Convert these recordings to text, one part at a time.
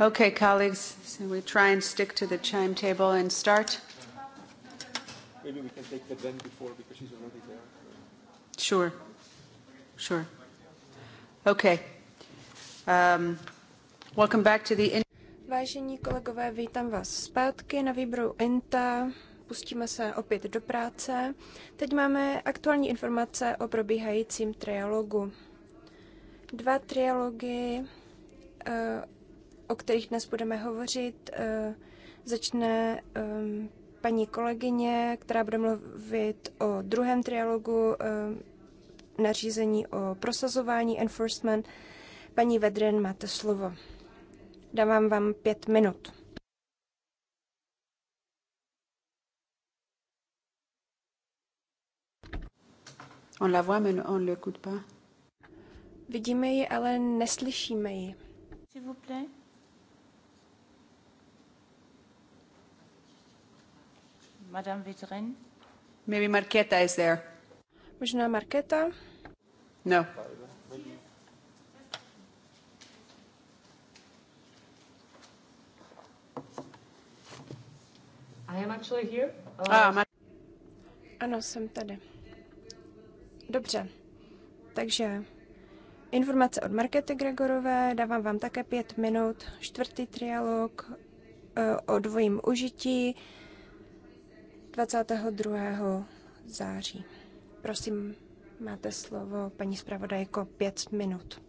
Okay, colleagues, so we try and stick to the timetable and start. Maybe we can take the then before because she's already there. Sure, sure. Okay. Um, welcome back to the... In Vážení kolegové, vítám vás zpátky na výboru INTA. Pustíme se opět do práce. Teď máme aktuální informace o probíhajícím trialogu. Dva trialogy, eh, o kterých dnes budeme hovořit, eh, začne ehm, paní kolegyně, která bude mluvit o druhém trialogu ehm, nařízení o prosazování enforcement. Paní Vedren, máte slovo. Dávám vám pět minut. On la voit, mais on ne l'écoute pas. Vidíme ji, ale neslyšíme ji. Madame Vitrin? Maybe Marketa is there. Možná Marketa? No. I am actually here. Oh. Ah, ma- ano, jsem tady. Dobře. Takže informace od Markety Gregorové, dávám vám také pět minut, čtvrtý trialog e, o dvojím užití 22. září. Prosím, máte slovo, paní zpravodajko, pět minut.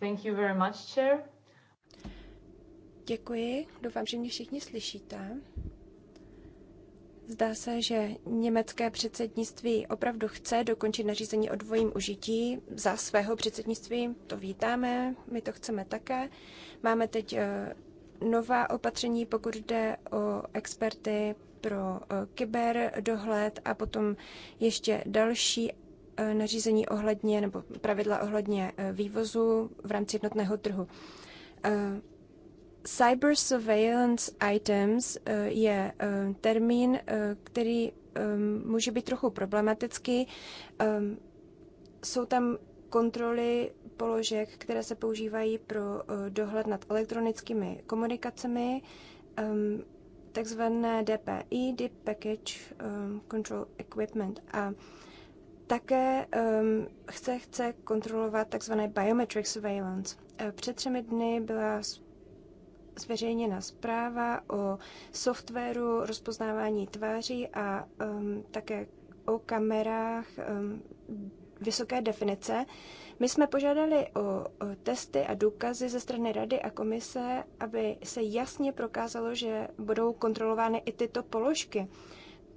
Thank you very much, chair. Děkuji, doufám, že mě všichni slyšíte. Zdá se, že německé předsednictví opravdu chce dokončit nařízení o dvojím užití. Za svého předsednictví to vítáme, my to chceme také. Máme teď eh, nová opatření, pokud jde o experty pro eh, dohled a potom ještě další eh, nařízení ohledně nebo pravidla ohledně vývozu v rámci jednotného trhu. Cyber surveillance items eh, je eh, termín, eh, který ehm, může být trochu problematický. Ehm, jsou tam kontroly položek, které se používají pro dohled nad elektronickými komunikacemi, ehm, takzvané DPI, Deep Package Control Equipment. A také um, chce, chce kontrolovat tzv. biometric surveillance. Před třemi dny byla zveřejněna zpráva o softwaru rozpoznávání tváří a um, také o kamerách um, vysoké definice. My jsme požádali o, o testy a důkazy ze strany Rady a komise, aby se jasně prokázalo, že budou kontrolovány i tyto položky. Uh,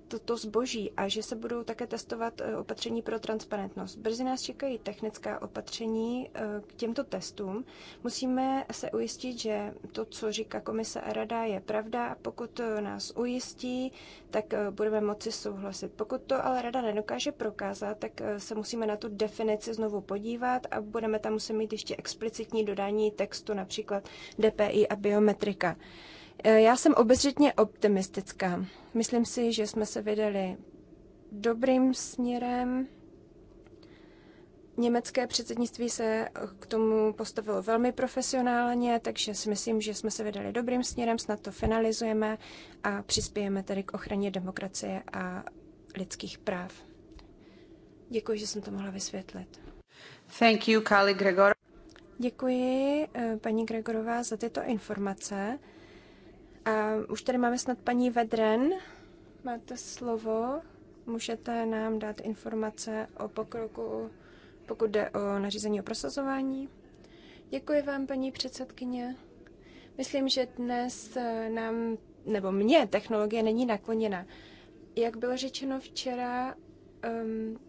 toto zboží a že se budou také testovat eh, opatření pro transparentnost. Brzy nás čekají technická opatření eh, k těmto testům. Musíme se ujistit, že to, co říká komise a rada, je pravda. Pokud eh, nás ujistí, tak budeme moci souhlasit. Pokud to ale rada nedokáže prokázat, tak se musíme na tu definici znovu podívat a budeme tam muset mít ještě explicitní dodání textu, například DPI a biometrika. Eh, já jsem obezřetně optimistická. Myslím si, že jsme se vydali dobrým směrem. Německé předsednictví se k tomu postavilo velmi profesionálně, takže si myslím, že jsme se vydali dobrým směrem, snad to finalizujeme a přispějeme tedy k ochraně demokracie a lidských práv. Děkuji, že jsem to mohla vysvětlit. Thank you, Kali Gregor. Děkuji, eh, paní Gregorová, za tyto informace. A už tady máme snad paní Vedren. Máte slovo. Můžete nám dát informace o pokroku, pokud jde o nařízení o prosazování. Děkuji vám, paní předsedkyně. Myslím, že dnes eh, nám, nebo mně, technologie není nakloněna. Jak bylo řečeno včera, um,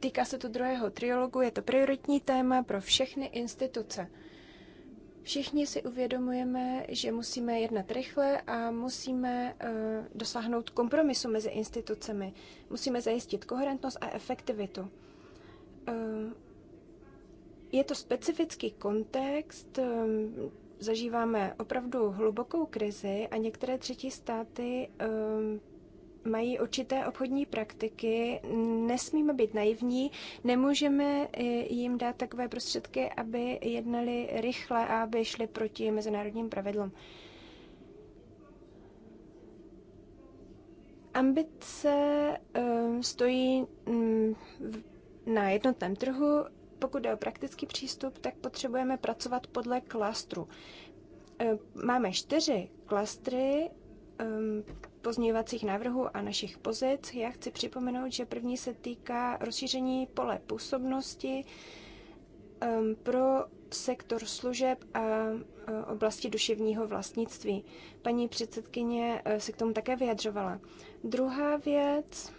týká se to druhého triologu, je to prioritní téma pro všechny instituce. Všichni si uvědomujeme, že musíme jednat rychle a musíme eh, dosáhnout kompromisu mezi institucemi. Musíme zajistit koherentnost a efektivitu. Eh, je to specifický kontext, eh, zažíváme opravdu hlubokou krizi a některé třetí státy mají určité obchodní praktiky, nesmíme být naivní, nemůžeme eh, jim dát takové prostředky, aby jednali rychle a aby šli proti mezinárodním pravidlům. Ambice eh, stojí mm, na jednotném trhu. Pokud jde o praktický přístup, tak potřebujeme pracovat podle klastru. Eh, máme čtyři klastry pozměňovacích návrhů a našich pozic. Já chci připomenout, že první se týká rozšíření pole působnosti um, pro sektor služeb a uh, oblasti duševního vlastnictví. Paní předsedkyně uh, se k tomu také vyjadřovala. Druhá věc,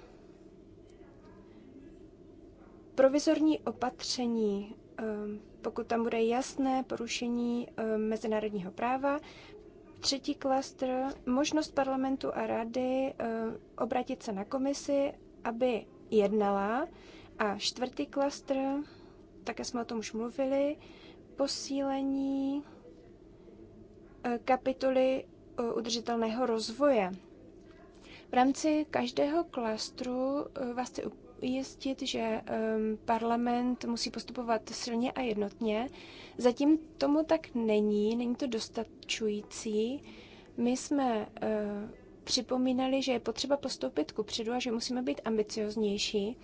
provizorní opatření, um, pokud tam bude jasné porušení um, mezinárodního práva, Třetí klastr, možnost parlamentu a rady eh, obratit se na komisi, aby jednala. A čtvrtý klastr, také jsme o tom už mluvili, posílení eh, kapitoly eh, udržitelného rozvoje. V rámci každého klastru vás chci ujistit, že ehm, parlament musí postupovat silně a jednotně. Zatím tomu tak není, není to dostačující. My jsme eh, připomínali, že je potřeba postoupit ku předu a že musíme být ambicioznější.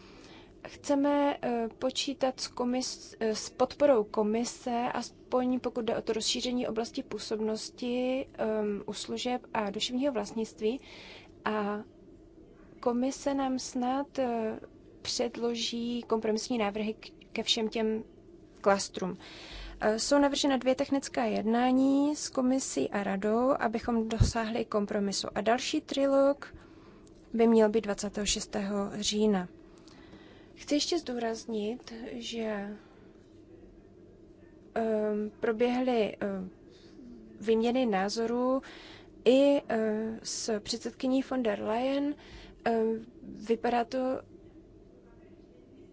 Chceme eh, počítat s, komis, eh, s podporou komise, aspoň pokud jde o to rozšíření oblasti působnosti um, u služeb a duševního vlastnictví. A komise nám snad předloží kompromisní návrhy ke všem těm klastrům. Eh, jsou navržena dvě technická jednání s komisí a radou, abychom dosáhli kompromisu. A další trilog by měl být 26. října. Chci ještě zdůraznit, že ehm, proběhly eh, výměny názorů i eh, s předsedkyní von der Leyen. Vypadá to,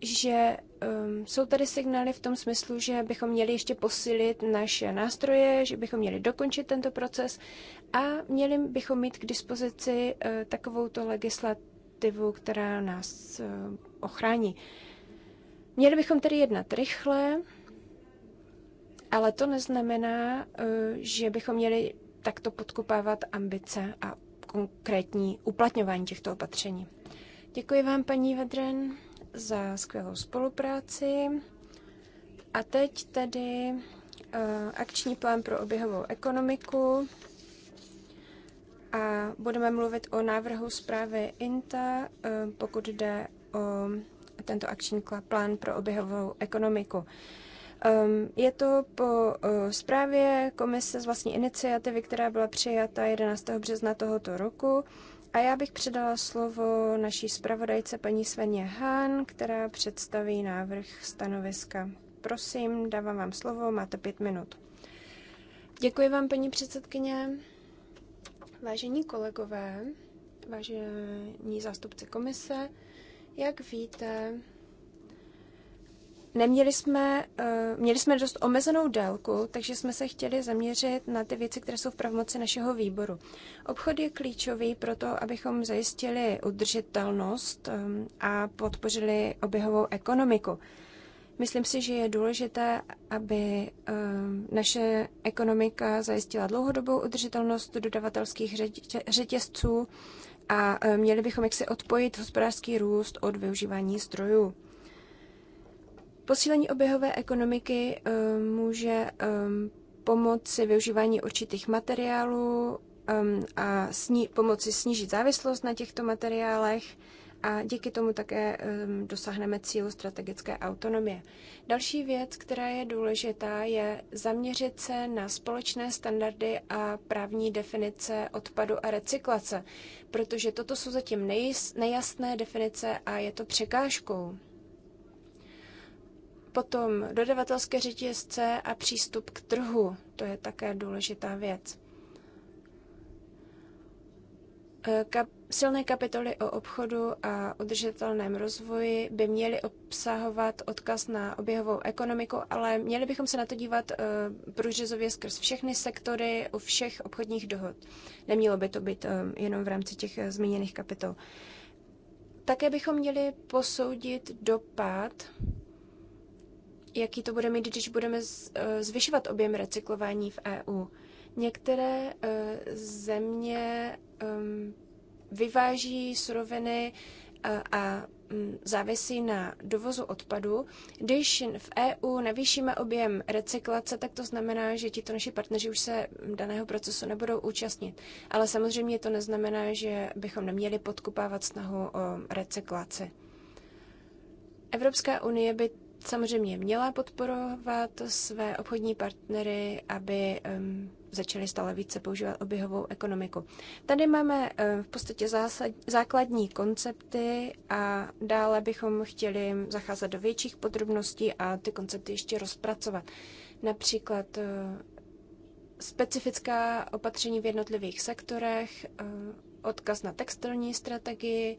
že um, jsou tady signály v tom smyslu, že bychom měli ještě posílit naše nástroje, že bychom měli dokončit tento proces a měli bychom mít k dispozici uh, takovouto legislativu, která nás uh, ochrání. Měli bychom tedy jednat rychle, ale to neznamená, uh, že bychom měli takto podkopávat ambice a konkrétní uplatňování těchto opatření. Děkuji vám, paní Vedren za skvělou spolupráci. A teď tedy eh, akční plán pro oběhovou ekonomiku a budeme mluvit o návrhu zprávy INTA, eh, pokud jde o tento akční plán pro oběhovou ekonomiku. Ehm, je to po eh, zprávě komise z vlastní iniciativy, která byla přijata 11. března tohoto roku a já bych předala slovo naší zpravodajce paní Sveně Hán, která představí návrh stanoviska. Prosím, dávám vám slovo, máte pět minut. Děkuji vám, paní předsedkyně. Vážení kolegové, vážení zástupci komise, jak víte, Neměli jsme, eh, měli jsme dost omezenou délku, takže jsme se chtěli zaměřit na ty věci, které jsou v pravomoci našeho výboru. Obchod je klíčový pro to, abychom zajistili udržitelnost eh, a podpořili oběhovou ekonomiku. Myslím si, že je důležité, aby eh, naše ekonomika zajistila dlouhodobou udržitelnost dodavatelských řetězců a měli bychom jaksi odpojit hospodářský růst od využívání strojů. Posílení oběhové ekonomiky ehm, může ehm, pomoci využívání určitých materiálů ehm, a sní, pomoci snížit závislost na těchto materiálech a díky tomu také dosáhneme cílu strategické autonomie. Další věc, která je důležitá, je zaměřit se na společné standardy a právní definice odpadu a recyklace, protože toto jsou zatím nejasné definice a je to překážkou Potom dodavatelské řetězce a přístup k trhu, to je také důležitá věc. E, kap, silné kapitoly o obchodu a udržitelném rozvoji by měly obsahovat odkaz na oběhovou ekonomiku, ale měli bychom se na to dívat e, průřezově skrz všechny sektory u všech obchodních dohod. Nemělo by to být e, jenom v rámci těch zmíněných kapitol. Také bychom měli posoudit dopad jaký to bude mít, když budeme eh, zvyšovat objem recyklování v EU. Některé eh, země ehm, vyváží suroviny eh, a hm, závisí na dovozu odpadu. Když v EU navýšíme objem recyklace, tak to znamená, že tito naši partneři už se daného procesu nebudou účastnit. Ale samozřejmě to neznamená, že bychom neměli podkupávat snahu o recyklaci. Evropská unie by samozřejmě měla podporovat své obchodní partnery, aby začali stále více používat oběhovou ekonomiku. Tady máme v podstatě zásad, základní koncepty a dále bychom chtěli zacházet do větších podrobností a ty koncepty ještě rozpracovat. Například eh, specifická opatření v jednotlivých sektorech, eh, odkaz na textilní strategii,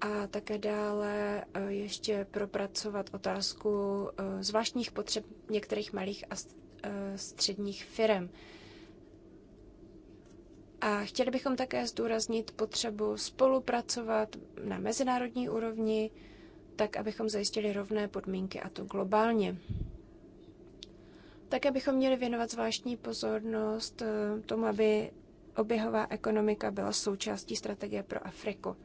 a také dále e, ještě propracovat otázku e, zvláštních potřeb některých malých a e, středních firm. A chtěli bychom také zdůraznit potřebu spolupracovat na mezinárodní úrovni, tak abychom zajistili rovné podmínky a to globálně. Také bychom měli věnovat zvláštní pozornost tomu, aby oběhová ekonomika byla součástí strategie pro Afriku.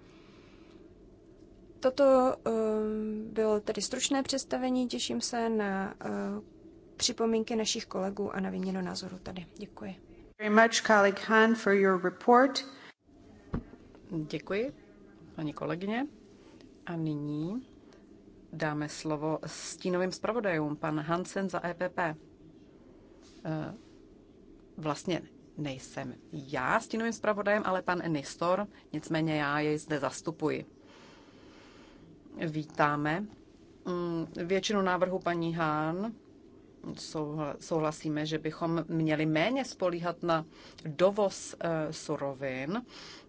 Toto ehm, bylo tedy stručné představení. Těším se na eh, připomínky našich kolegů a na výměnu názoru tady. Děkuji. Děkuji, paní kolegyně. A nyní dáme slovo stínovým zpravodajům, pan Hansen za EPP. Eh, vlastně nejsem já stínovým zpravodajem, ale pan Nistor, nicméně já jej zde zastupuji vítáme. Mm, většinu návrhu paní Hán souhlasíme, že bychom měli méně spolíhat na dovoz eh, surovin.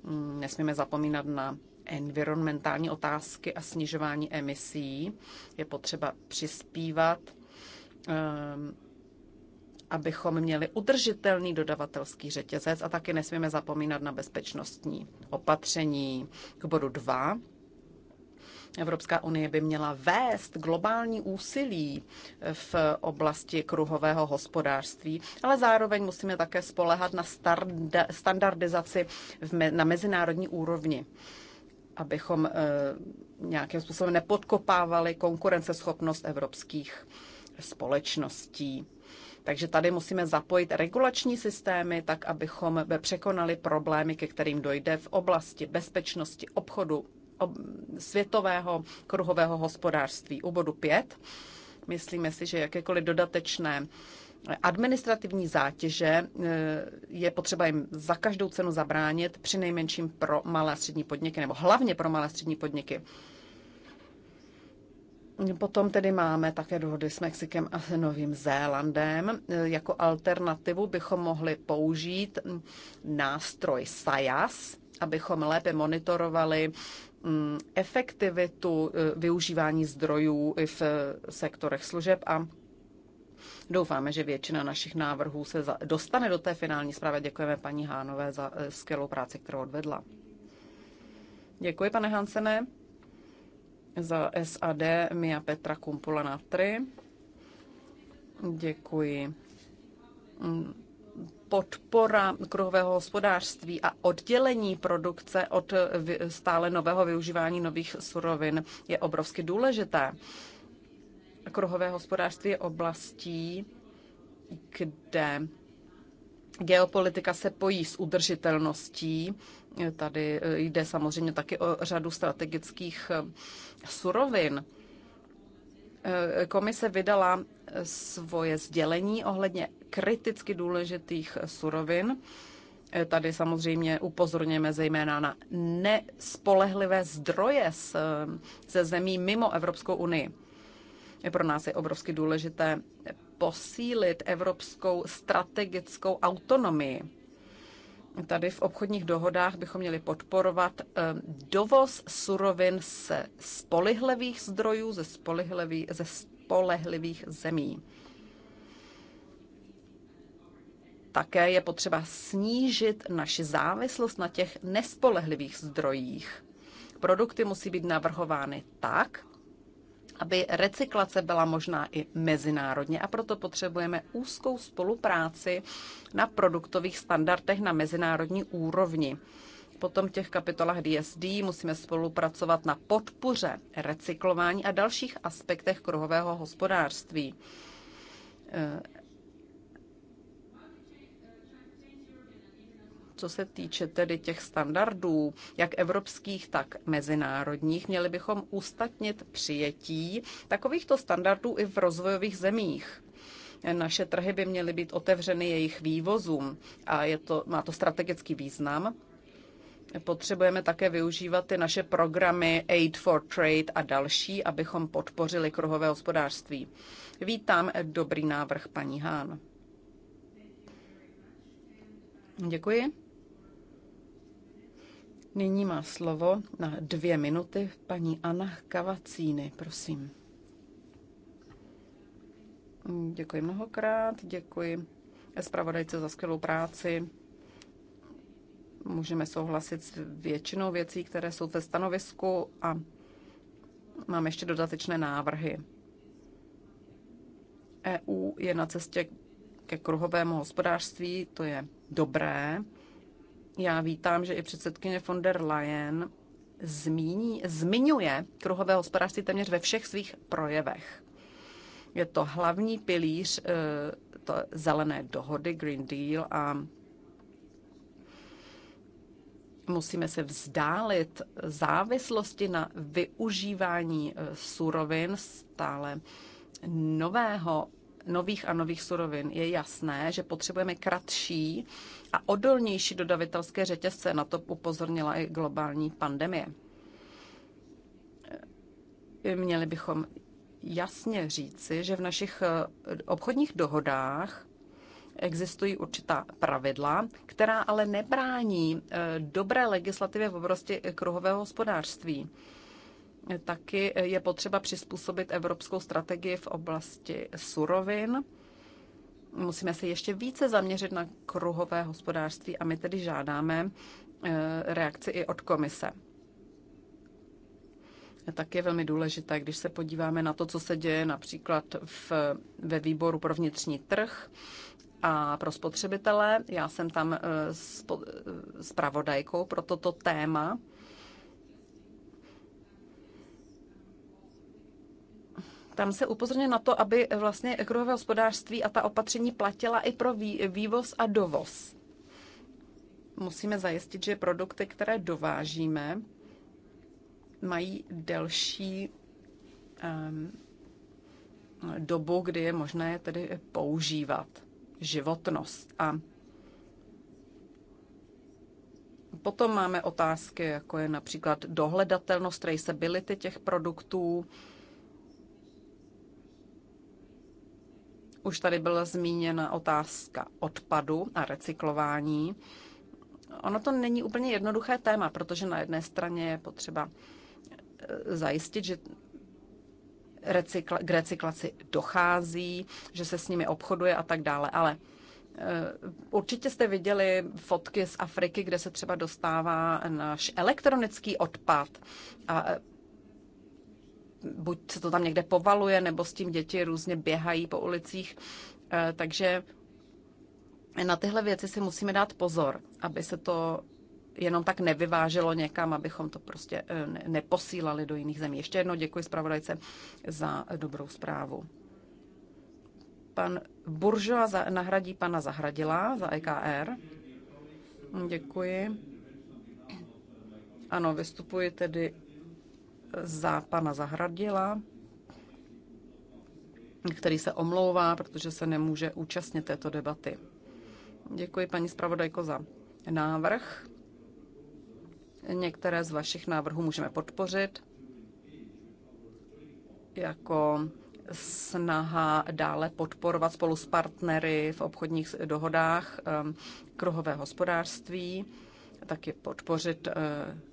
Mm, nesmíme zapomínat na environmentální otázky a snižování emisí. Je potřeba přispívat, ehm, abychom měli udržitelný dodavatelský řetězec a taky nesmíme zapomínat na bezpečnostní opatření. K bodu 2 Evropská unie by měla vést globální úsilí v oblasti kruhového hospodářství, ale zároveň musíme také spolehat na standardizaci na mezinárodní úrovni abychom eh, nějakým způsobem nepodkopávali konkurenceschopnost evropských společností. Takže tady musíme zapojit regulační systémy, tak abychom překonali problémy, ke kterým dojde v oblasti bezpečnosti, obchodu, světového kruhového hospodářství. U bodu 5 myslíme si, že jakékoliv dodatečné administrativní zátěže e, je potřeba jim za každou cenu zabránit, při nejmenším pro malé a střední podniky, nebo hlavně pro malé a střední podniky. Potom tedy máme také dohody s Mexikem a Novým Zélandem. E, jako alternativu bychom mohli použít nástroj SAJAS, abychom lépe monitorovali Mm, efektivitu eh, využívání zdrojů i v eh, sektorech služeb a Doufáme, že většina našich návrhů se dostane do té finální zprávy. Děkujeme paní Hánové za eh, skvělou práci, kterou odvedla. Děkuji, pane Hansene, za SAD Mia Petra Kumpula 3. Děkuji mm, podpora kruhového hospodářství a oddělení produkce od stále nového využívání nových surovin je obrovsky důležité. Kruhové hospodářství je oblastí, kde geopolitika se pojí s udržitelností. Tady jde samozřejmě taky o řadu strategických eh, surovin. Eh, komise vydala svoje sdělení ohledně kriticky důležitých surovin. E, tady samozřejmě upozorněme zejména na nespolehlivé zdroje e, ze zemí mimo Evropskou unii. Pro nás je obrovsky důležité posílit evropskou strategickou autonomii. Tady v obchodních dohodách bychom měli podporovat e, dovoz surovin se spolehlivých zdrojů, ze spolehlivých, ze spolehlivých zemí. Také je potřeba snížit naši závislost na těch nespolehlivých zdrojích. Produkty musí být navrhovány tak, aby recyklace byla možná i mezinárodně a proto potřebujeme úzkou spolupráci na produktových standardech na mezinárodní úrovni. Potom v těch kapitolách DSD musíme spolupracovat na podpoře recyklování a dalších aspektech kruhového hospodářství. co se týče tedy těch standardů, jak evropských, tak mezinárodních, měli bychom ustatnit přijetí takovýchto standardů i v rozvojových zemích. Naše trhy by měly být otevřeny jejich vývozům a je to, má to strategický význam. Potřebujeme také využívat ty naše programy Aid for Trade a další, abychom podpořili kruhové hospodářství. Vítám dobrý návrh paní Hán. Děkuji. Nyní má slovo na dvě minuty paní Anna Kavacíny, prosím. Děkuji mnohokrát, děkuji zpravodajce za skvělou práci. Můžeme souhlasit s většinou věcí, které jsou ve stanovisku a mám ještě dodatečné návrhy. EU je na cestě ke kruhovému hospodářství, to je dobré. Já vítám, že i předsedkyně von der Leyen zmíní, zmiňuje kruhové hospodářství téměř ve všech svých projevech. Je to hlavní pilíř eh, to zelené dohody, Green Deal a musíme se vzdálit závislosti na využívání eh, surovin stále nového nových a nových surovin, je jasné, že potřebujeme kratší a odolnější dodavitelské řetězce. Na to upozornila i globální pandemie. Měli bychom jasně říci, že v našich eh, obchodních dohodách existují určitá pravidla, která ale nebrání eh, dobré legislativě v oblasti kruhového hospodářství. Taky je potřeba přizpůsobit evropskou strategii v oblasti surovin. Musíme se ještě více zaměřit na kruhové hospodářství a my tedy žádáme eh, reakci i od komise. Tak je velmi důležité, když se podíváme na to, co se děje například v, ve výboru pro vnitřní trh, a pro spotřebitele. Já jsem tam eh, s eh, pravodajkou pro toto téma. tam se upozorňuje na to, aby vlastně kruhové hospodářství a ta opatření platila i pro vývoz a dovoz. Musíme zajistit, že produkty, které dovážíme, mají delší um, dobu, kdy je možné tedy používat životnost. A potom máme otázky, jako je například dohledatelnost, traceability těch produktů, Už tady byla zmíněna otázka odpadu a recyklování. Ono to není úplně jednoduché téma, protože na jedné straně je potřeba eh, zajistit, že recykla, k recyklaci dochází, že se s nimi obchoduje a tak dále. Ale eh, určitě jste viděli fotky z Afriky, kde se třeba dostává náš elektronický odpad a eh, buď se to tam někde povaluje, nebo s tím děti různě běhají po ulicích. Eh, takže na tyhle věci si musíme dát pozor, aby se to jenom tak nevyváželo někam, abychom to prostě eh, neposílali do jiných zemí. Ještě jednou děkuji zpravodajce za dobrou zprávu. Pan Buržoa nahradí pana Zahradila za EKR. Děkuji. Ano, vystupuji tedy za pana Zahradila, který se omlouvá, protože se nemůže účastnit této debaty. Děkuji paní zpravodajko za návrh. Některé z vašich návrhů můžeme podpořit, jako snaha dále podporovat spolu s partnery v obchodních dohodách ehm, kruhové hospodářství, taky podpořit eh,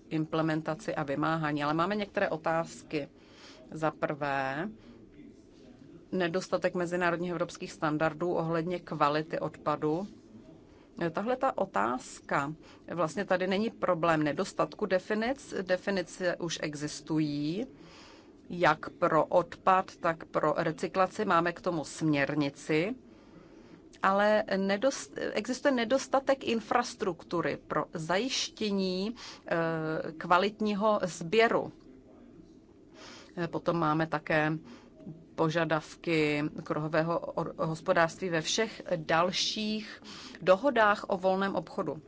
implementaci a vymáhání. Ale máme některé otázky. Za prvé, nedostatek mezinárodních evropských standardů ohledně kvality odpadu. Tahle ta otázka, vlastně tady není problém nedostatku definic, definice už existují, jak pro odpad, tak pro recyklaci máme k tomu směrnici, ale nedost, existuje nedostatek infrastruktury pro zajištění eh, kvalitního sběru. Eh, potom máme také požadavky kruhového hospodářství ve všech dalších dohodách o volném obchodu.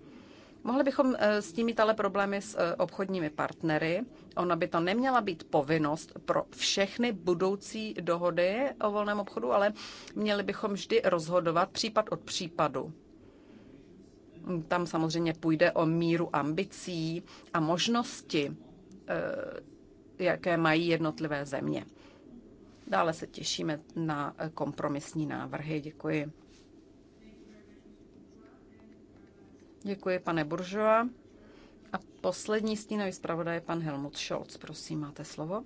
Mohli bychom eh, s tím mít ale problémy s eh, obchodními partnery. Ona by to neměla být povinnost pro všechny budoucí dohody o volném obchodu, ale měli bychom vždy rozhodovat případ od případu. Tam samozřejmě půjde o míru ambicí a možnosti, eh, jaké mají jednotlivé země. Dále se těšíme na kompromisní návrhy. Děkuji. Děkuji, pane Buržova. A poslední stínový zpravodaj je pan Helmut Scholz. Prosím, máte slovo.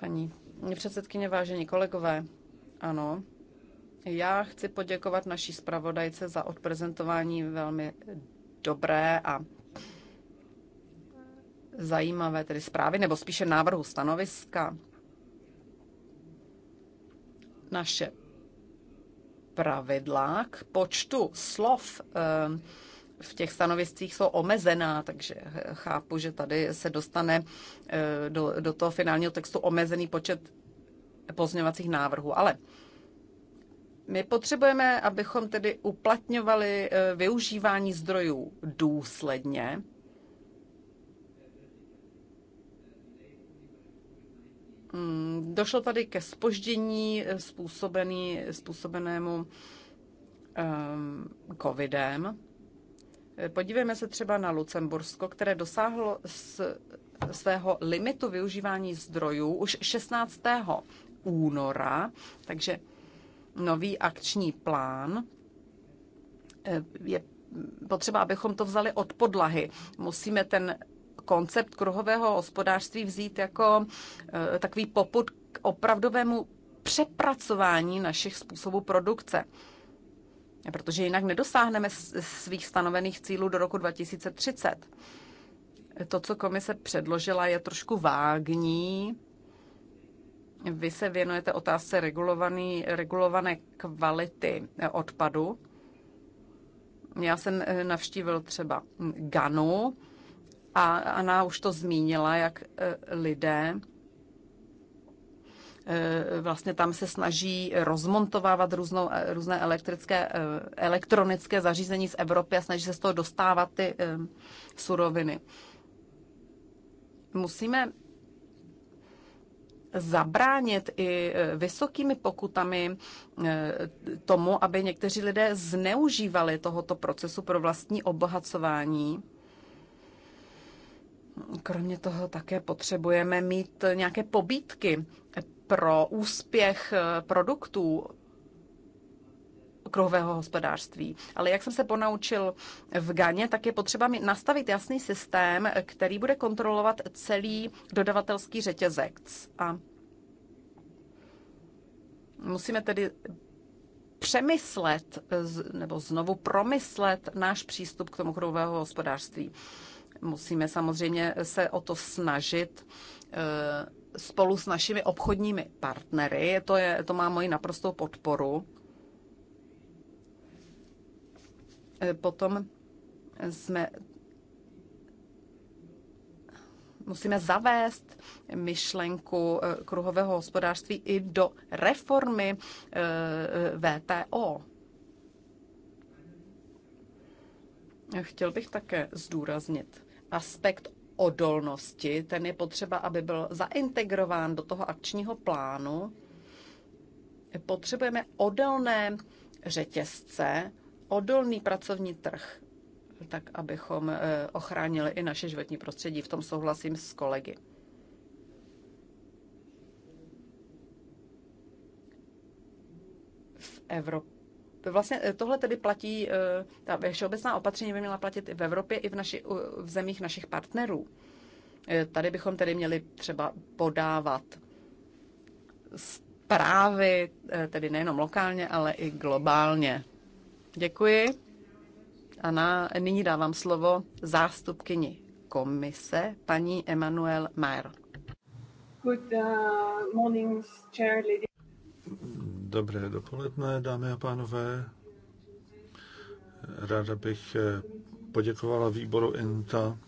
Paní předsedkyně, vážení kolegové, ano, já chci poděkovat naší zpravodajce za odprezentování velmi dobré a zajímavé tedy zprávy, nebo spíše návrhu stanoviska. Naše pravidla k počtu slov eh, v těch stanoviscích jsou omezená, takže chápu, že tady se dostane eh, do, do toho finálního textu omezený počet pozměňovacích návrhů. Ale my potřebujeme, abychom tedy uplatňovali eh, využívání zdrojů důsledně, Mm, došlo tady ke spoždění eh, způsobený, způsobenému ehm, covidem. Eh, podívejme se třeba na Lucembursko, které dosáhlo s, svého limitu využívání zdrojů už 16. února, takže nový akční plán eh, je potřeba, abychom to vzali od podlahy. Musíme ten koncept kruhového hospodářství vzít jako eh, takový poput k opravdovému přepracování našich způsobů produkce. Protože jinak nedosáhneme svých stanovených cílů do roku 2030. To, co komise předložila, je trošku vágní. Vy se věnujete otázce regulovaný, regulované kvality eh, odpadu. Já jsem eh, navštívil třeba Ganu, a Anna už to zmínila, jak e, lidé e, vlastně tam se snaží rozmontovávat různou, e, různé elektrické, elektronické zařízení z Evropy a snaží se z toho dostávat ty suroviny. Musíme zabránit i vysokými pokutami tomu, aby někteří lidé zneužívali tohoto procesu pro vlastní obohacování Kromě toho také potřebujeme mít nějaké pobídky pro úspěch eh, produktů kruhového hospodářství. Ale jak jsem se ponaučil v Ganě, tak je potřeba nastavit jasný systém, který bude kontrolovat celý dodavatelský řetězec. A musíme tedy přemyslet nebo znovu promyslet náš přístup k tomu kruhového hospodářství. Musíme samozřejmě se o to snažit eh, spolu s našimi obchodními partnery. To, je, to má moji naprostou podporu. Eh, potom jsme musíme zavést myšlenku eh, kruhového hospodářství i do reformy VTO. Chtěl bych také zdůraznit, aspekt odolnosti, ten je potřeba, aby byl zaintegrován do toho akčního plánu. Potřebujeme odolné řetězce, odolný pracovní trh, tak abychom eh, ochránili i naše životní prostředí. V tom souhlasím s kolegy. V Evropě Vlastně eh, tohle tedy platí, eh, ta všeobecná opatření by měla platit i v Evropě, i v, naši, v zemích našich partnerů. Eh, tady bychom tedy měli třeba podávat zprávy, tedy nejenom lokálně, ale i globálně. Děkuji. A na, nyní dávám slovo zástupkyni komise, paní Emanuel Mayer. Good uh, morning, chair lady. Dobré dopoledne, dámy a pánové. Ráda bych eh, poděkovala výboru INTA,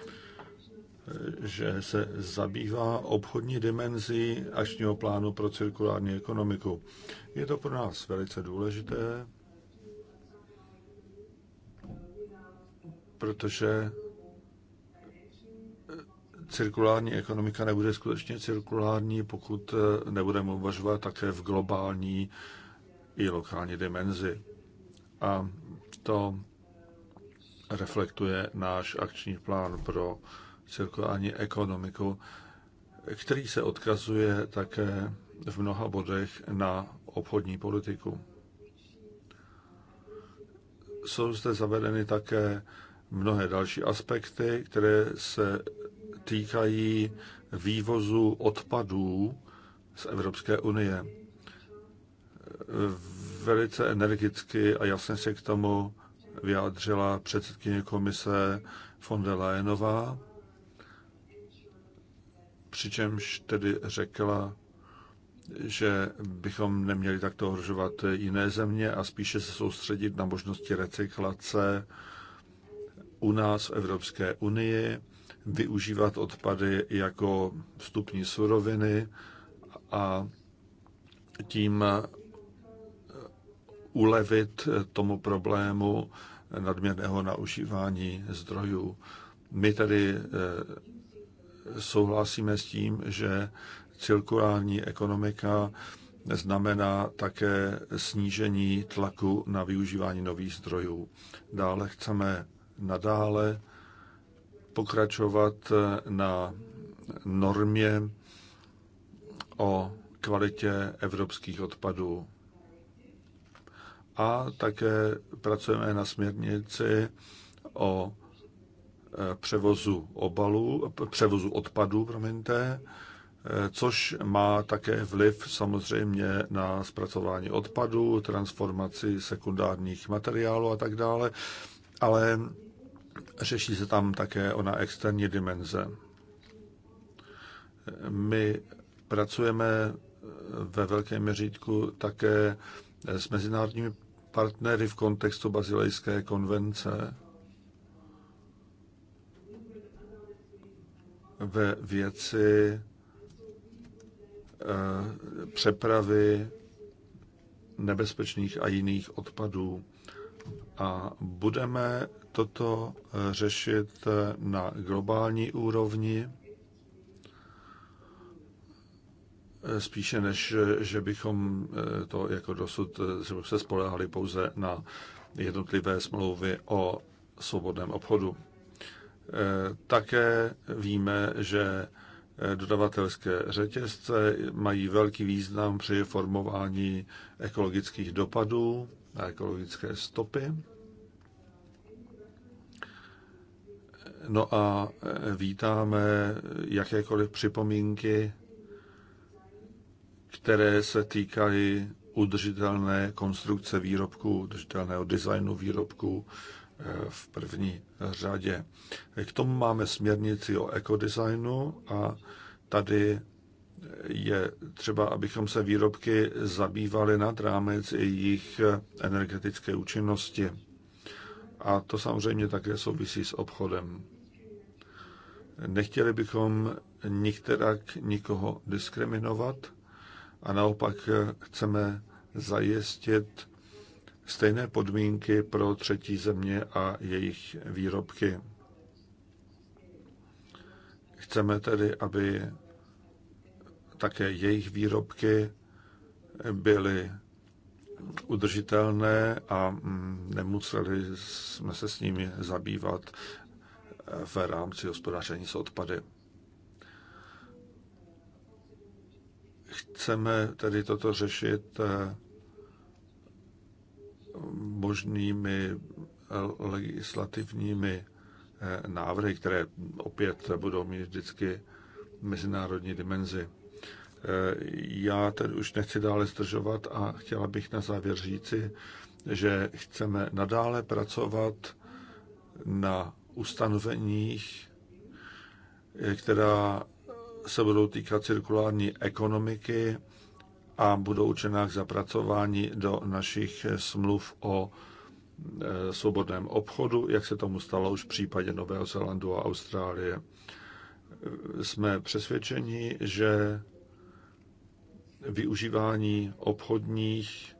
eh, že se zabývá obchodní dimenzí ačního plánu pro cirkulární ekonomiku. Je to pro nás velice důležité, protože cirkulární ekonomika nebude skutečně cirkulární, pokud eh, nebudeme uvažovat také v globální i lokální dimenzi. A to reflektuje náš akční plán pro cirkulární ekonomiku, který se odkazuje také v mnoha bodech na obchodní politiku. Jsou zde zavedeny také mnohé další aspekty, které se týkají vývozu odpadů z Evropské unie. Velice energicky a jasně se k tomu vyjádřila předsedkyně komise von der Leyenová, přičemž tedy řekla, že bychom neměli takto ohrožovat jiné země a spíše se soustředit na možnosti recyklace u nás v Evropské unii využívat odpady jako vstupní suroviny a tím eh, ulevit eh, tomu problému eh, nadměrného naužívání zdrojů. My tedy souhlasíme s tím, že cirkulární ekonomika znamená také snížení tlaku na využívání nových zdrojů. Dále chceme nadále pokračovat eh, na normě o kvalitě evropských odpadů. A také pracujeme na směrnici o eh, převozu obalů, převozu odpadů, promiňte, eh, což má také vliv samozřejmě na zpracování odpadů, transformaci sekundárních materiálů a tak dále, ale Řeší se tam také ona externí dimenze. My pracujeme ve velkém měřítku také s mezinárodními partnery v kontextu Bazilejské konvence ve věci eh, přepravy nebezpečných a jiných odpadů. A budeme toto eh, řešit eh, na globální úrovni, eh, spíše než, že bychom to jako dosud se spolehali pouze na jednotlivé smlouvy o svobodném obchodu. Také víme, že dodavatelské řetězce mají velký význam při formování ekologických dopadů a ekologické stopy. No a eh, vítáme jakékoliv připomínky, které se týkají udržitelné konstrukce výrobků, udržitelného designu výrobků eh, v první řadě. K tomu máme směrnici o ekodesignu a tady eh, je třeba, abychom se výrobky zabývali nad rámec jejich energetické účinnosti. A to samozřejmě také souvisí s obchodem. Nechtěli bychom nikterak nikoho diskriminovat a naopak chceme zajistit stejné podmínky pro třetí země a jejich výrobky. Chceme tedy, aby také jejich výrobky byly udržitelné a mm, nemuseli jsme se s nimi zabývat v rámci hospodaření s odpady. Chceme tedy toto řešit eh, možnými legislativními eh, návrhy, které opět budou mít vždycky mezinárodní dimenzi. Eh, já tedy už nechci dále zdržovat a chtěla bych na závěr říci, že chceme nadále pracovat na ustanoveních, eh, která se budou týkat cirkulární ekonomiky a budou učená k zapracování do našich eh, smluv o eh, svobodném obchodu, jak se tomu stalo už v případě Nového Zélandu a Austrálie. Jsme přesvědčeni, že využívání obchodních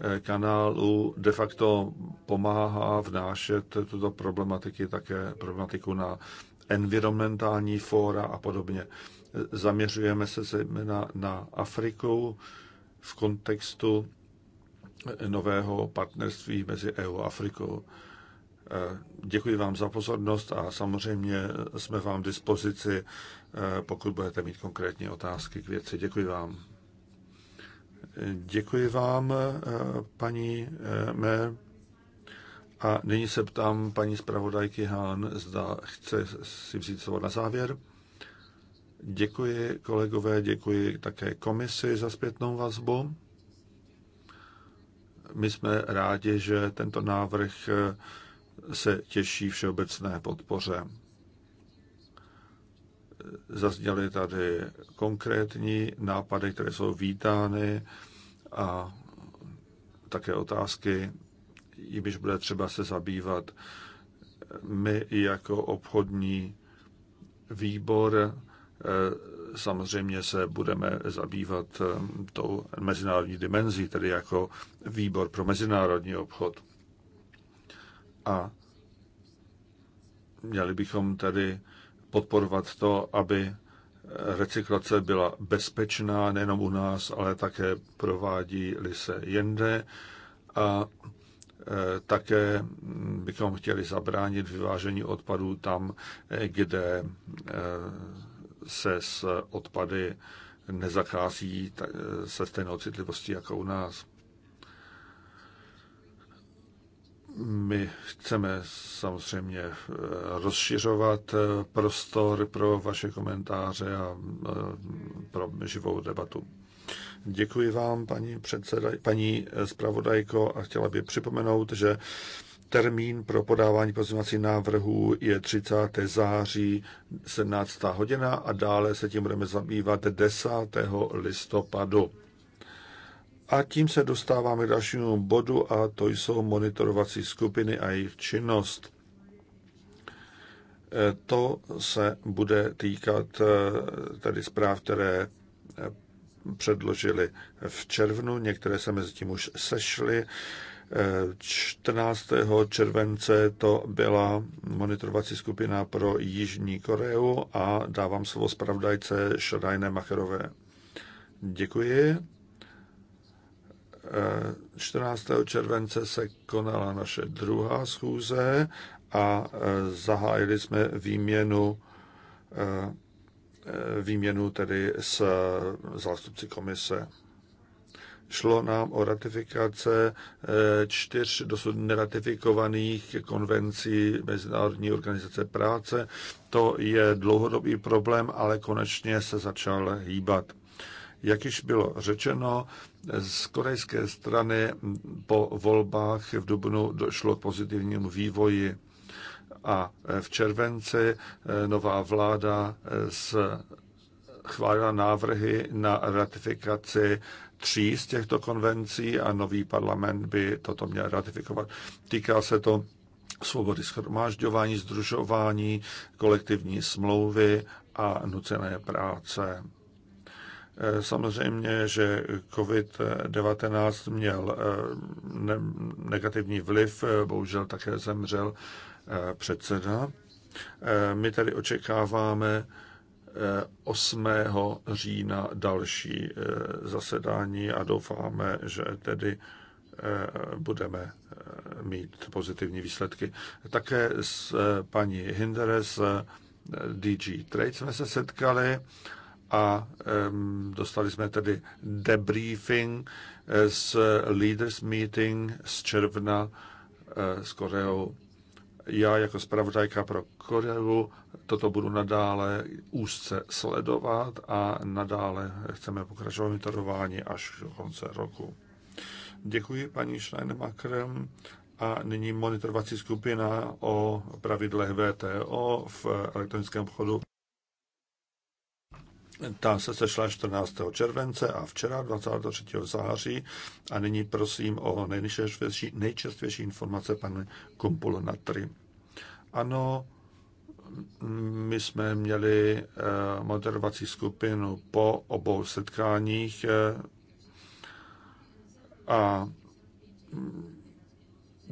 Eh, kanálu de facto pomáhá vnášet tuto problematiky také problematiku na environmentální fóra a podobně. Zaměřujeme se zejména na Afriku v kontextu nového partnerství mezi EU a Afrikou. Eh, děkuji vám za pozornost a samozřejmě jsme vám v dispozici, eh, pokud budete mít konkrétní otázky k věci. Děkuji vám. Děkuji vám, eh, paní eh, Mé. A nyní se ptám paní zpravodajky Hán, zda chce si vzít slovo na závěr. Děkuji kolegové, děkuji také komisi za zpětnou vazbu. My jsme rádi, že tento návrh eh, se těší všeobecné podpoře. Zazněly tady konkrétní nápady, které jsou vítány a také otázky, jimiž bude třeba se zabývat. My jako obchodní výbor eh, samozřejmě se budeme zabývat eh, tou mezinárodní dimenzí, tedy jako výbor pro mezinárodní obchod. A měli bychom tedy podporovat to, aby recyklace byla bezpečná nejenom u nás, ale také provádí se jinde a e, také bychom chtěli zabránit vyvážení odpadů tam, e, kde e, se s odpady nezachází se stejnou citlivostí jako u nás. My chceme samozřejmě eh, rozšiřovat eh, prostor pro vaše komentáře a eh, pro živou debatu. Děkuji vám, paní, předsedaj, paní zpravodajko, a chtěla bych připomenout, že termín pro podávání pozměňovacích návrhů je 30. září 17. hodina a dále se tím budeme zabývat 10. listopadu. A tím se dostáváme k dalšímu bodu a to jsou monitorovací skupiny a jejich činnost. E, to se bude týkat e, tedy zpráv, které e, předložili v červnu, některé se mezi tím už sešly. 14. července to byla monitorovací skupina pro Jižní Koreu a dávám slovo zpravdajce Šodajné Macherové. Děkuji. 14. Eh, července se konala naše druhá schůze a eh, zahájili jsme výměnu eh, výměnu tedy s zástupci komise. Šlo nám o ratifikace čtyř dosud neratifikovaných konvencí Mezinárodní organizace práce. To je dlouhodobý problém, ale konečně se začal hýbat. Jak již bylo řečeno, z korejské strany po volbách v Dubnu došlo k pozitivnímu vývoji a v červenci eh, nová vláda eh, schválila návrhy na ratifikaci tří z těchto konvencí a nový parlament by toto měl ratifikovat. Týká se to svobody schromážďování, združování, kolektivní smlouvy a nucené práce. Eh, samozřejmě, že COVID-19 měl eh, negativní vliv, eh, bohužel také zemřel předseda. My tady očekáváme 8. října další zasedání a doufáme, že tedy budeme mít pozitivní výsledky. Také s paní Hinderes DG Trade jsme se setkali a dostali jsme tedy debriefing z eh, leaders meeting z června eh, s Koreou. Já jako zpravodajka pro Koreu toto budu nadále úzce sledovat a nadále chceme pokračovat monitorování až do konce roku. Děkuji paní Schleinemacherem a nyní monitorovací skupina o pravidlech VTO v elektronickém obchodu. Ta se sešla 14. července a včera 23. září a nyní prosím o nejčerstvější, nejčerstvější informace pane Kumpul Natry. Ano, my jsme měli eh, moderovací skupinu po obou setkáních eh, a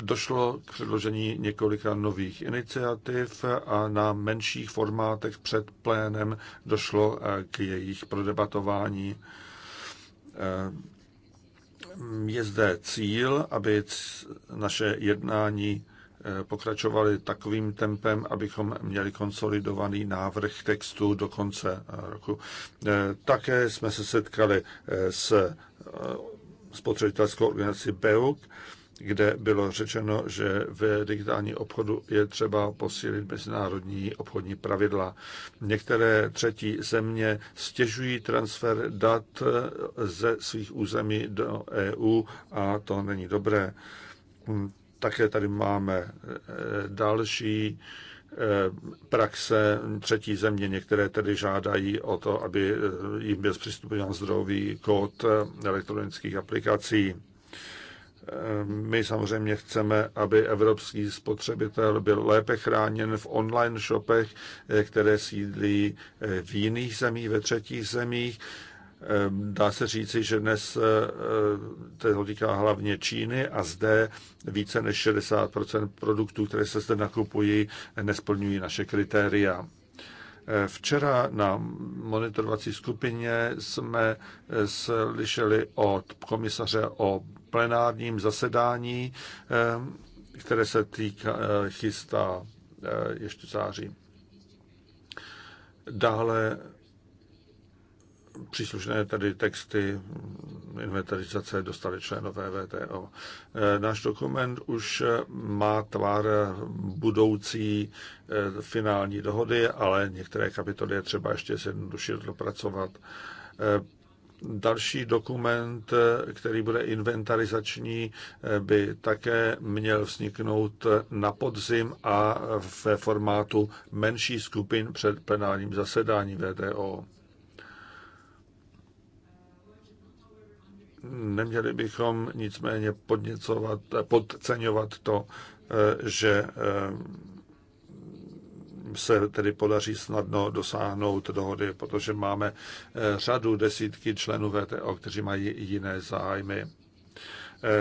Došlo k předložení několika nových iniciativ a na menších formátech před plénem došlo eh, k jejich prodebatování. Eh, je zde cíl, aby naše jednání eh, pokračovaly takovým tempem, abychom měli konsolidovaný návrh textu do konce roku. Také jsme se setkali s spotřebitelskou organizací BEUK, kde bylo řečeno, že v digitální obchodu je třeba posílit mezinárodní obchodní pravidla. Některé třetí země stěžují transfer dat ze svých území do EU a to není dobré. Také tady máme eh, další eh, praxe třetí země. Některé tedy žádají o to, aby eh, jim byl zpřístupněn zdrojový kód elektronických aplikací. My samozřejmě chceme, aby evropský spotřebitel byl lépe chráněn v online shopech, které sídlí eh, v jiných zemích, ve třetích zemích. Ehm, dá se říci, že dnes eh, to týká hlavně Číny a zde více než 60 produktů, které se zde nakupují, nesplňují naše kritéria. Eh, včera na monitorovací skupině jsme slyšeli od komisaře o plenárním zasedání, eh, které se týká, eh, chystá eh, ještě září. Dále příslušné tady texty inventarizace dostali členové VTO. Náš dokument už má tvar budoucí finální dohody, ale některé kapitoly je třeba ještě zjednodušit dopracovat. Další dokument, který bude inventarizační, by také měl vzniknout na podzim a ve formátu menší skupin před plenárním zasedání VTO. Neměli bychom nicméně podceňovat to, že se tedy podaří snadno dosáhnout dohody, protože máme eh, řadu desítky členů VTO, kteří mají jiné zájmy. Eh,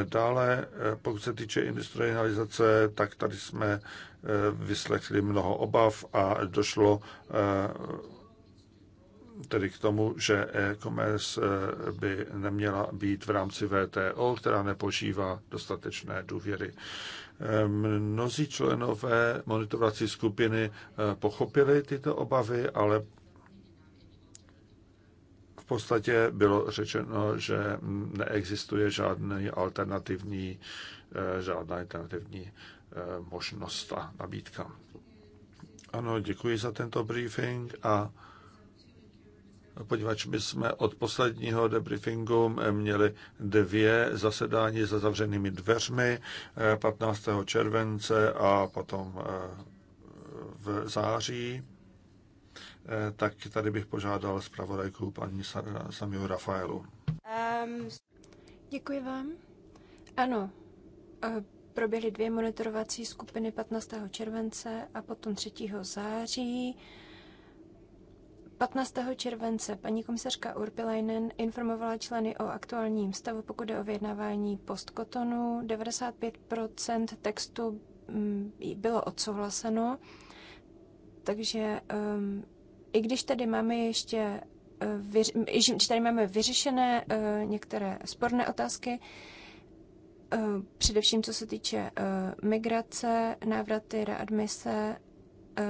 dále, eh, pokud se týče industrializace, tak tady jsme vyslechli mnoho obav a došlo tedy k tomu, že e-commerce by neměla být v rámci VTO, která nepožívá dostatečné důvěry. Mnozí členové monitorovací skupiny eh, pochopili tyto obavy, ale v podstatě bylo řečeno, že neexistuje žádný alternativní, eh, žádná alternativní eh, možnost a nabídka. Ano, děkuji za tento briefing a poněvadž my jsme od posledního debriefingu měli dvě zasedání za zavřenými dveřmi 15. Eh, července a potom eh, v září. Eh, tak tady bych požádal zpravodajku paní Samiu Rafaelu. Um, děkuji vám. Ano, proběhly dvě monitorovací skupiny 15. července a potom 3. září 15. července paní komisařka Urpilainen informovala členy o aktuálním stavu, pokud je o vyjednávání postkotonu. 95 textu mm, bylo odsouhlaseno, takže um, i když tady máme ještě eh, vyři, když tady máme vyřešené uh, některé sporné otázky, uh, především co se týče uh, migrace, návraty, readmise,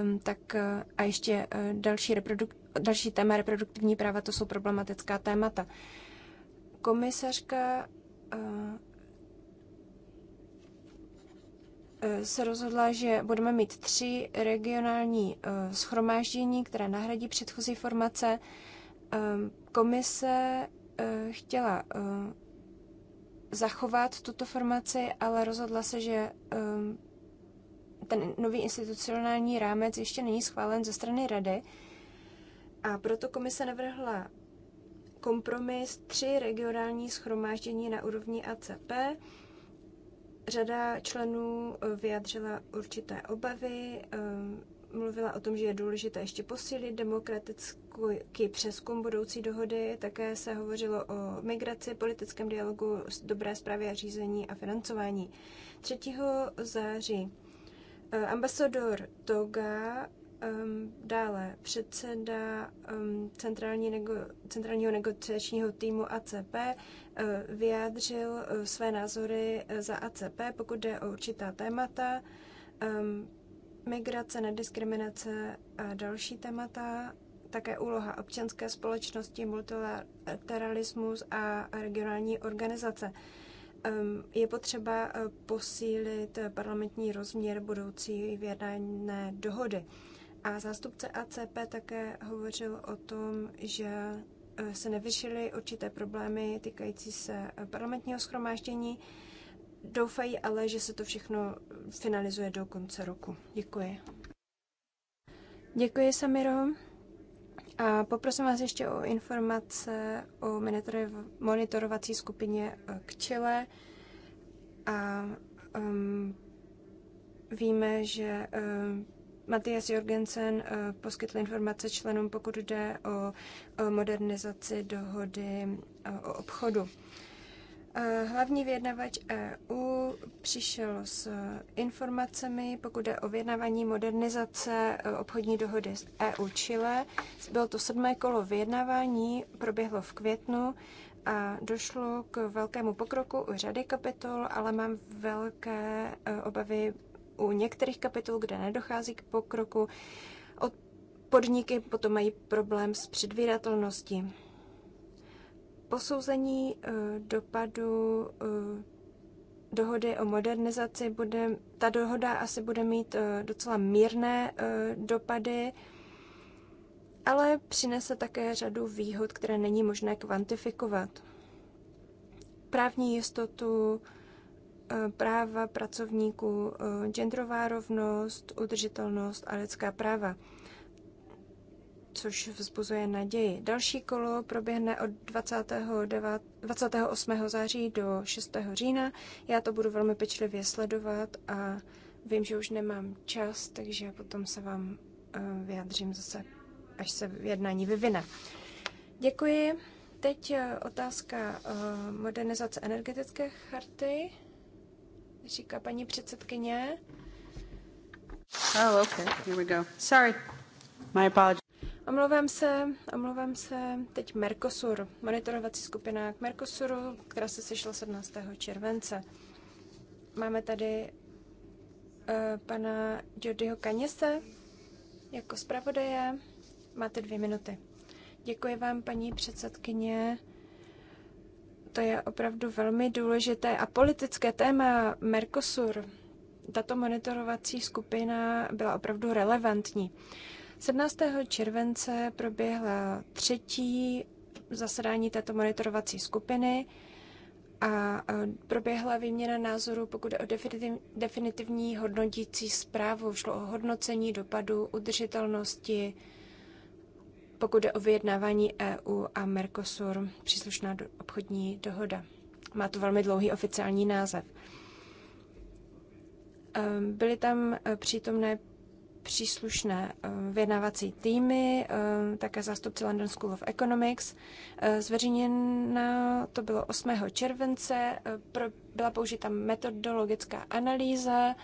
um, tak a ještě další reprodukt další téma reproduktivní práva, to jsou problematická témata. Komisařka eh, se rozhodla, že budeme mít tři regionální eh, schromáždění, které nahradí předchozí formace. Ehm, komise eh, chtěla zachovat tuto formaci, ale rozhodla se, že ehm, ten nový institucionální rámec ještě není schválen ze strany Rady. A proto komise navrhla kompromis tři regionální schromáždění na úrovni ACP. Řada členů eh, vyjadřila určité obavy, eh, mluvila o tom, že je důležité ještě posílit demokratický přeskum budoucí dohody. Také se hovořilo o migraci, politickém dialogu, dobré zprávě a řízení a financování. 3. září eh, ambasador Toga Um, dále předseda um, centrální nego, centrálního negociačního týmu ACP uh, eh, vyjádřil uh, své názory eh, za ACP, pokud jde o určitá témata, um, migrace, nediskriminace a další témata, také úloha občanské společnosti, multilateralismus a regionální organizace. Je potřeba posílit parlamentní rozměr budoucí vědané dohody. A zástupce ACP také hovořil o tom, že e, se nevyšily určité problémy týkající se e, parlamentního schromáždění. Doufají ale, že se to všechno finalizuje do konce roku. Děkuji. Děkuji, Samiro. A poprosím vás ještě o informace o monitorovací skupině e, k Chile. A um, víme, že um, Matthias Jorgensen eh, poskytl informace členům, pokud jde o modernizaci dohody eh, o obchodu. Eh, hlavní vyjednavač EU přišel s informacemi, pokud jde o vyjednávání modernizace obchodní dohody z EU Chile. Bylo to sedmé kolo vyjednávání, proběhlo v květnu a došlo k velkému pokroku u řady kapitol, ale mám velké obavy, u některých kapitol, kde nedochází k pokroku, od podniky potom mají problém s předvídatelností. Posouzení e, dopadu e, dohody o modernizaci bude, ta dohoda asi bude mít e, docela mírné dopady, ale přinese také řadu výhod, které není možné kvantifikovat. Právní jistotu, E, práva pracovníků, e, genderová rovnost, udržitelnost a lidská práva, což vzbuzuje naději. Další kolo proběhne od 29, 28. září do 6. října. Já to budu velmi pečlivě sledovat a vím, že už nemám čas, takže potom se vám e, vyjádřím zase, až se jednání vyvine. Děkuji. Teď otázka modernizace energetické charty říká paní předsedkyně. Oh, okay. Here we go. Sorry. My apologies. Omlouvám se, omlouvám se. Teď Mercosur, monitorovací skupina k Mercosuru, která se sešla 17. července. Máme tady uh, pana Jodyho Kaněse jako zpravodaje. Máte dvě minuty. Děkuji vám, paní předsedkyně to je opravdu velmi důležité a politické téma Mercosur. Tato monitorovací skupina byla opravdu relevantní. 17. července proběhla třetí zasedání této monitorovací skupiny a proběhla výměna názorů, pokud je o definitivní hodnotící zprávu. Šlo o hodnocení dopadu udržitelnosti pokud jde o vyjednávání EU a Mercosur, příslušná do, obchodní dohoda. Má to velmi dlouhý oficiální název. Ehm, byly tam eh, přítomné příslušné eh, vyjednávací týmy, ehm, také zástupci London School of Economics. Eh, Zveřejněna to bylo 8. července, byla použita metodologická analýza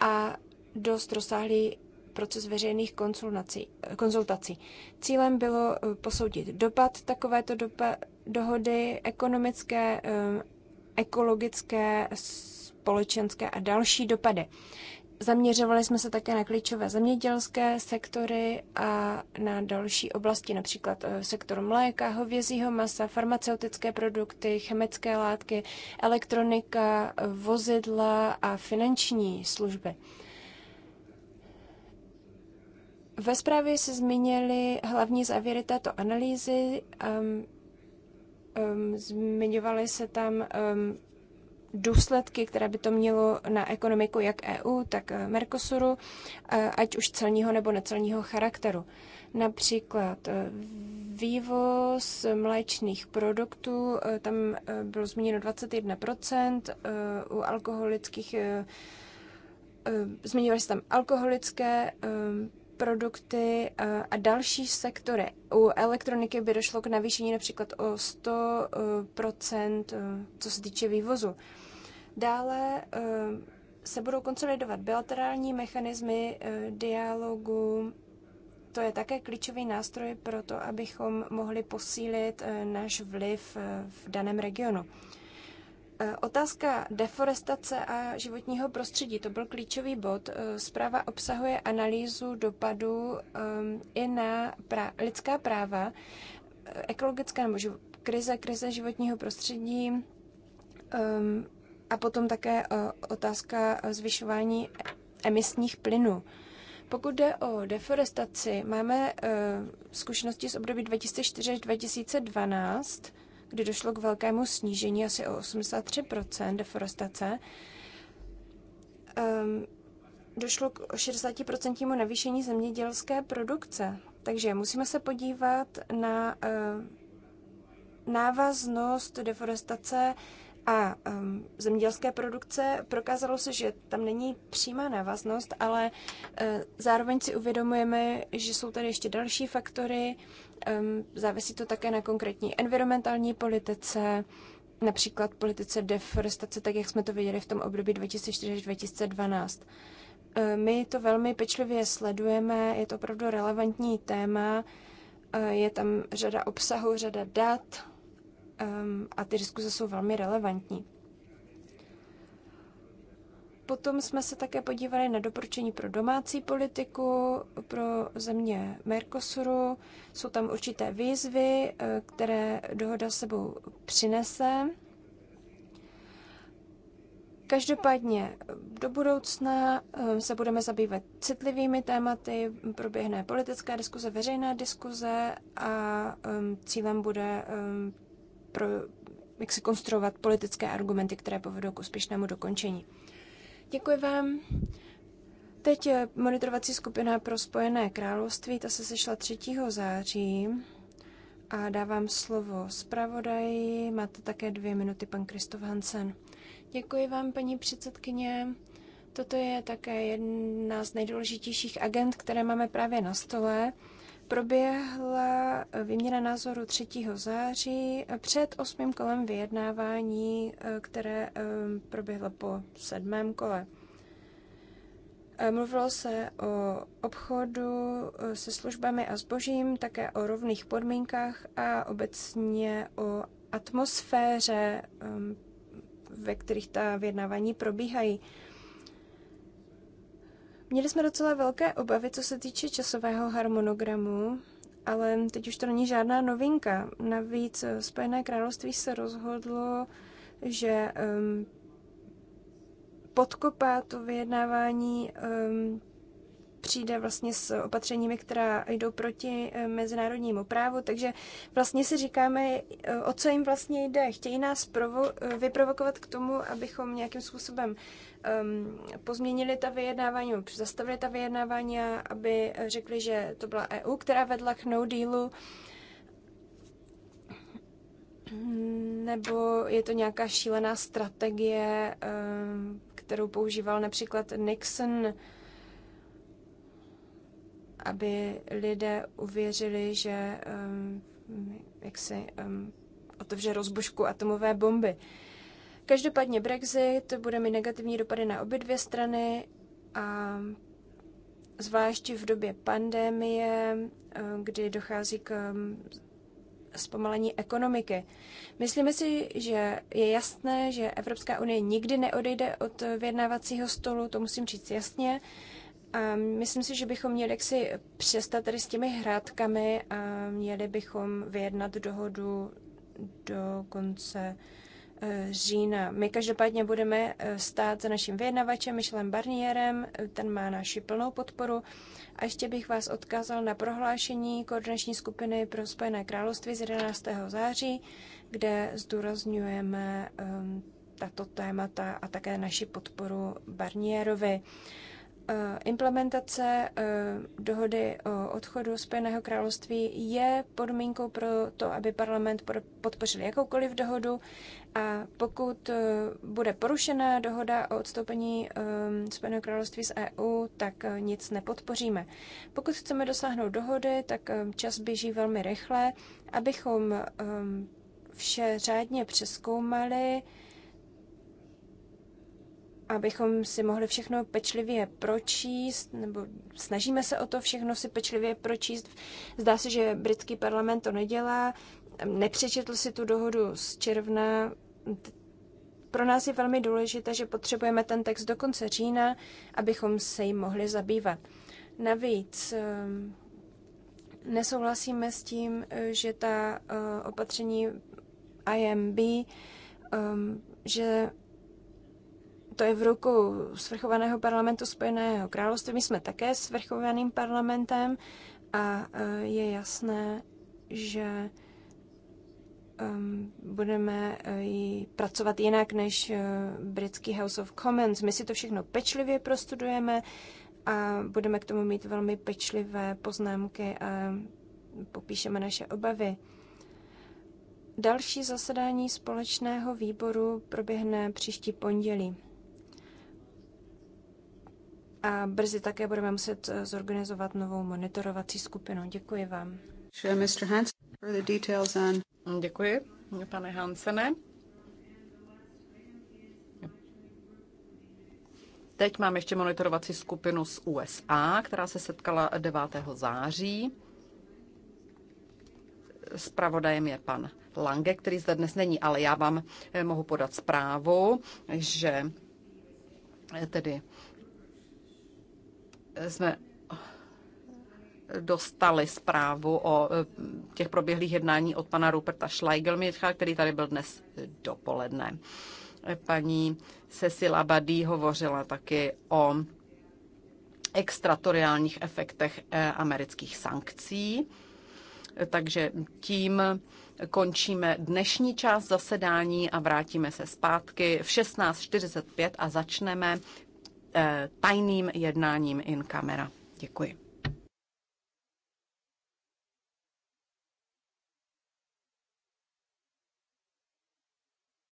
a dost rozsáhlý proces veřejných konzultací. Cílem bylo eh, posoudit dopad takovéto dopa- dohody ekonomické, eh, ekologické, společenské a další dopady. Zaměřovali jsme se také na klíčové zemědělské sektory a na další oblasti, například eh, sektor mléka, hovězího masa, farmaceutické produkty, chemické látky, elektronika, vozidla a finanční služby. Ve zprávě se zmínili hlavní závěry této analýzy. Um, um, zmiňovaly se tam um, důsledky, které by to mělo na ekonomiku jak EU, tak eh, Mercosuru, eh, ať už celního nebo necelního charakteru. Například eh, vývoz mléčných produktů, tam bylo zmíněno 21%, u alkoholických zmiňovaly se tam alkoholické produkty eh, a další sektory. U elektroniky by došlo k navýšení například o 100%, eh, eh, co se týče vývozu. Dále se budou konsolidovat bilaterální mechanismy dialogu. To je také klíčový nástroj pro to, abychom mohli posílit náš vliv v daném regionu. Eh, otázka deforestace a životního prostředí, to byl klíčový bod. Eh, zpráva obsahuje analýzu dopadů ehm, i na pra- lidská práva, eh, ekologická nebo živ- krize, krize životního prostředí ehm, a potom také otázka zvyšování emisních plynů. Pokud jde o deforestaci, máme zkušenosti z období 2004 až 2012 kdy došlo k velkému snížení asi o 83% deforestace, um, došlo k 60% navýšení zemědělské produkce. Takže musíme se podívat na uh, návaznost deforestace a um, zemědělské produkce. Prokázalo se, že tam není přímá návaznost, ale uh, zároveň si uvědomujeme, že jsou tady ještě další faktory, Závisí to také na konkrétní environmentální politice, například politice deforestace, tak jak jsme to viděli v tom období 2004 až 2012. My to velmi pečlivě sledujeme, je to opravdu relevantní téma, eh, je tam řada obsahu, řada dat a ty diskuze jsou velmi relevantní. Potom jsme se také podívali na doporučení pro domácí politiku, pro země Mercosuru. Jsou tam určité výzvy, eh, které dohoda sebou přinese. Každopádně do budoucna eh, se budeme zabývat citlivými tématy, proběhne politická diskuze, veřejná diskuze a ehm, cílem bude ehm, pro, jak si konstruovat politické argumenty, které povedou k úspěšnému dokončení. Děkuji vám. Teď monitorovací skupina pro Spojené království, ta se sešla 3. září a dávám slovo zpravodaji. Máte také dvě minuty, pan Kristof Hansen. Děkuji vám, paní předsedkyně. Toto je také jedna z nejdůležitějších agent, které máme právě na stole proběhla výměna názoru 3. září před osmým kolem vyjednávání, eh, které eh, proběhlo po sedmém kole. Eh, mluvilo se o obchodu se službami a zbožím, také o rovných podmínkách a obecně o atmosféře, ve kterých ta vyjednávání probíhají. Měli jsme docela velké obavy, co se týče časového harmonogramu, ale teď už to není žádná novinka. Navíc eh, Spojené království se rozhodlo, že um, ehm, podkopá to vyjednávání um, přijde vlastně s opatřeními, která jdou proti eh, mezinárodnímu právu, takže vlastně si říkáme, eh, o co jim vlastně jde. Chtějí nás provo- vyprovokovat k tomu, abychom nějakým způsobem um, pozměnili ta vyjednávání, zastavili ta vyjednávání, aby eh, řekli, že to byla EU, která vedla k no dealu, nebo je to nějaká šílená strategie, um, kterou používal například Nixon, aby lidé uvěřili, že um, jak si um, otevře rozbožku atomové bomby. Uh, Každopádně Brexit bude mít negativní dopady na obě dvě strany a zvlášť v době pandémie, eh, kdy dochází k mm, zpomalení ekonomiky. Myslíme si, že je jasné, že Evropská unie nikdy neodejde od vyjednávacího stolu, to musím říct jasně. A myslím si, že bychom měli jaksi přestat tady s těmi hrátkami a měli bychom vyjednat dohodu do konce října. My každopádně budeme eh, stát za naším vyjednavačem Michelem Barnierem, ten má naši plnou podporu. A ještě bych vás odkázal na prohlášení koordinační skupiny pro Spojené království z 11. září, kde zdůrazňujeme ehm, tato témata a také naši podporu Barnierovi. Eh, implementace eh, dohody o odchodu Spojeného království je podmínkou pro to, aby parlament podpořil jakoukoliv dohodu a pokud eh, bude porušena dohoda o odstoupení Spojeného království z EU, tak nic nepodpoříme. Pokud chceme dosáhnout dohody, tak čas běží velmi rychle, abychom vše řádně přeskoumali, abychom si mohli všechno pečlivě pročíst, nebo snažíme se o to všechno si pečlivě pročíst. Zdá se, že britský parlament to nedělá, nepřečetl si tu dohodu z června. Pro nás je velmi důležité, že potřebujeme ten text do konce října, abychom se jim mohli zabývat. Navíc ehm, nesouhlasíme s tím, že ta eh, opatření IMB, ehm, že to je v rukou svrchovaného parlamentu Spojeného království. My jsme také svrchovaným parlamentem a e, je jasné, že budeme e, pracovat jinak než e, britský House of Commons. My si to všechno pečlivě prostudujeme a budeme k tomu mít velmi pečlivé poznámky a popíšeme naše obavy. Další zasedání společného výboru proběhne příští pondělí. A brzy také budeme muset eh, zorganizovat novou monitorovací skupinu. Děkuji vám. Mr. Hansen, Děkuji, pane Hansene. Teď mám ještě monitorovací skupinu z USA, která se setkala 9. září. Spravodajem je pan Lange, který zde dnes není, ale já vám eh, mohu podat zprávu, že eh, tedy jsme dostali zprávu o eh, těch proběhlých jednání od pana Ruperta Schleigelměcha, který tady byl dnes dopoledne. Paní Cecila Badí hovořila taky o extratoriálních efektech eh, amerických sankcí. Takže tím končíme dnešní část zasedání a vrátíme se zpátky v 16.45 a začneme Eh, tajným jednáním in camera. Děkuji.